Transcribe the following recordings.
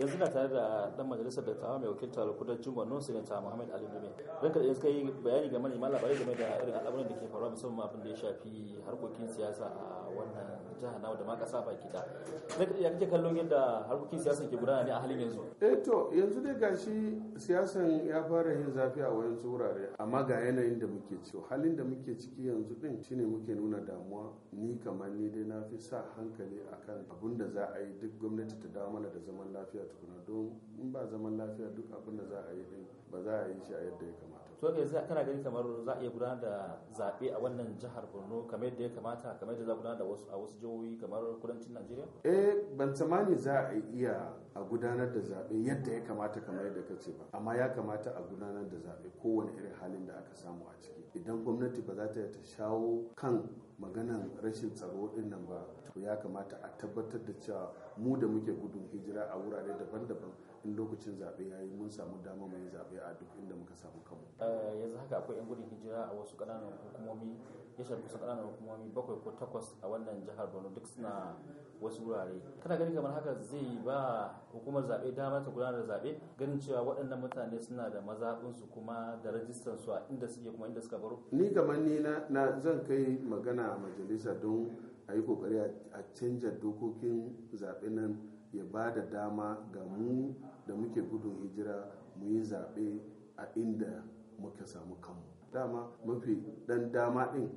yanzu na tare da dan majalisar dattawa mai wakiltar kudancin non sinata muhammad ali dume don kada suka yi bayani ga manema labarai game da irin al'amuran da ke faruwa musamman abin da ya shafi harkokin siyasa a wannan jihar nawa da ma kasa baki da kada kake kallon yadda harkokin siyasa ke gudana ne a halin yanzu eh to yanzu dai gashi siyasan ya fara yin zafi a wayan wurare amma ga yanayin da muke ciwo halin da muke ciki yanzu din shine muke nuna damuwa ni kamar ni dai na fi sa hankali akan abun da za a yi duk gwamnati ta dawo mana da zaman lafiya tukuna don in ba zaman lafiya duk abin da za a yi din ba za a yi shi a yadda ya kamata to yanzu eh, kana gani kamar za a iya gudanar da zaɓe a wannan jihar Borno kamar yadda ya kamata kamar yadda za a gudanar da wasu a wasu jihohi kamar kudancin Najeriya eh ban tsammani za a iya a gudanar da zaɓe yadda ya kamata kamar yadda ka ce ba amma ya kamata a gudanar da zaɓe kowane irin halin da aka samu a ciki idan gwamnati ba za ta ta shawo kan maganan rashin tsaro din nan ba to ya kamata a tabbatar da cewa mu da muke gudun hijira a wurare daban-daban in lokacin zaɓe ya yi mun samu dama mai zaɓe a duk inda muka samu kamu eh, yanzu haka akwai 'yan gudun hijira a wasu ƙananan hukumomi ya shafi ƙananan hukumomi bakwai ko takwas a wannan jihar borno duk suna wasu wurare kana gani kamar haka zai ba hukumar zaɓe dama ta gudanar da zaɓe ganin cewa waɗannan mutane suna da mazaɓinsu kuma da rajistan su a inda suke kuma inda suka baro. ni kamar ni na zan kai magana a majalisa don a yi kokari a canja dokokin zaɓe nan ya ba da dama ga mu da muke gudun hijira mu yi zaɓe a inda muka samu kanmu dama mafi ɗan dama ɗin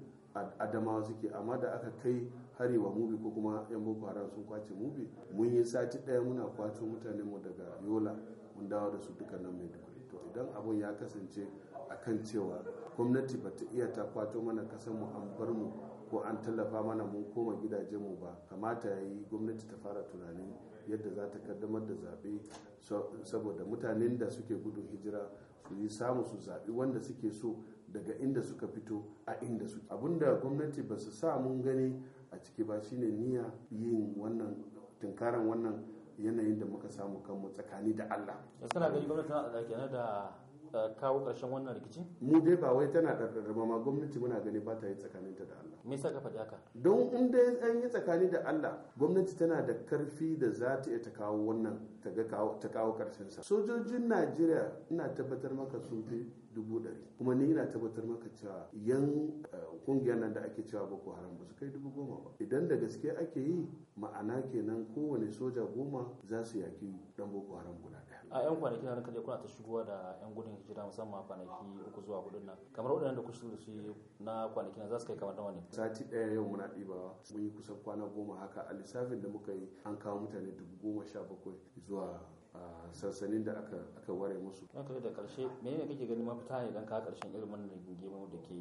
adamawa suke amma da aka kai harewa mubi ko kuma yan boko haram sun kwace mubi mun yi sati ɗaya muna kwato mutane mu daga yola mun dawo da su duka nan maiduguri to idan abun ya kasance a kan cewa gwamnati ba ta iya ta kwato mana kasan mu an bar mu ko an tallafa mana mun koma gidajenmu ba kamata ya yi gwamnati ta fara tunanin yadda za ta kaddamar da zaɓe saboda mutanen da suke gudun hijira su yi samu su zaɓi wanda suke so daga inda suka fito a inda su abinda gwamnati ba su sa mun gani a ciki ba shine niyya yin wannan tunkaran wannan yanayin da muka samu kanmu tsakani da Allah. kawo ƙarshen wannan rikici? Mu dai ba wai tana ɗarɗarɗar ma gwamnati muna gani ba ta yi tsakaninta da Allah. Me sa ka faɗi haka? Don in dai an yi tsakani da Allah gwamnati tana da karfi da za ta iya ta kawo wannan ta kawo ƙarshen sa. Sojojin Najeriya ina tabbatar maka sun fi dubu ɗari kuma ni ina tabbatar maka cewa yan kungiyar eh, nan da ake cewa boko haram ba su kai dubu goma ba idan da gaske ake yi ma'ana kenan kowane soja goma za su yaki dan boko haram guda ɗaya a yan kwanaki na kaje kuna ta shigowa da yan gudun hijira musamman kwanaki uku zuwa hudu nan kamar da ku su su na kwanaki na za su kai kamar nawa ne sati ɗaya yau muna ɗibawa mun yi kusan kwana goma haka a lissafin da muka yi an kawo mutane dubu goma sha bakwai zuwa sansanin da aka ware musu na da karshe menene kake ganin mafita ne dan ka karshen ilimin rigingimu da ke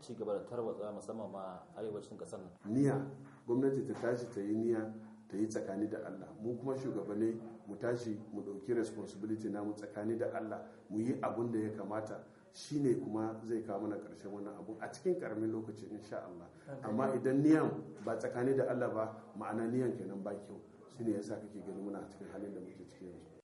ci gaba da tarwatsa musamman ma arewacin kasar nan niyya gwamnati ta tashi ta yi niyya ta yi tsakani da Allah mu kuma shugabanni mu tashi mu ɗauki responsibility namu tsakani da Allah mu yi abun da ya kamata shine kuma zai kawo mana karshen wannan abu a cikin karamin lokaci insha Allah amma idan niyan ba tsakani da Allah ba ma'ana niyan kenan ba kyau shine yasa kake gani muna cikin halin da muke ciki yanzu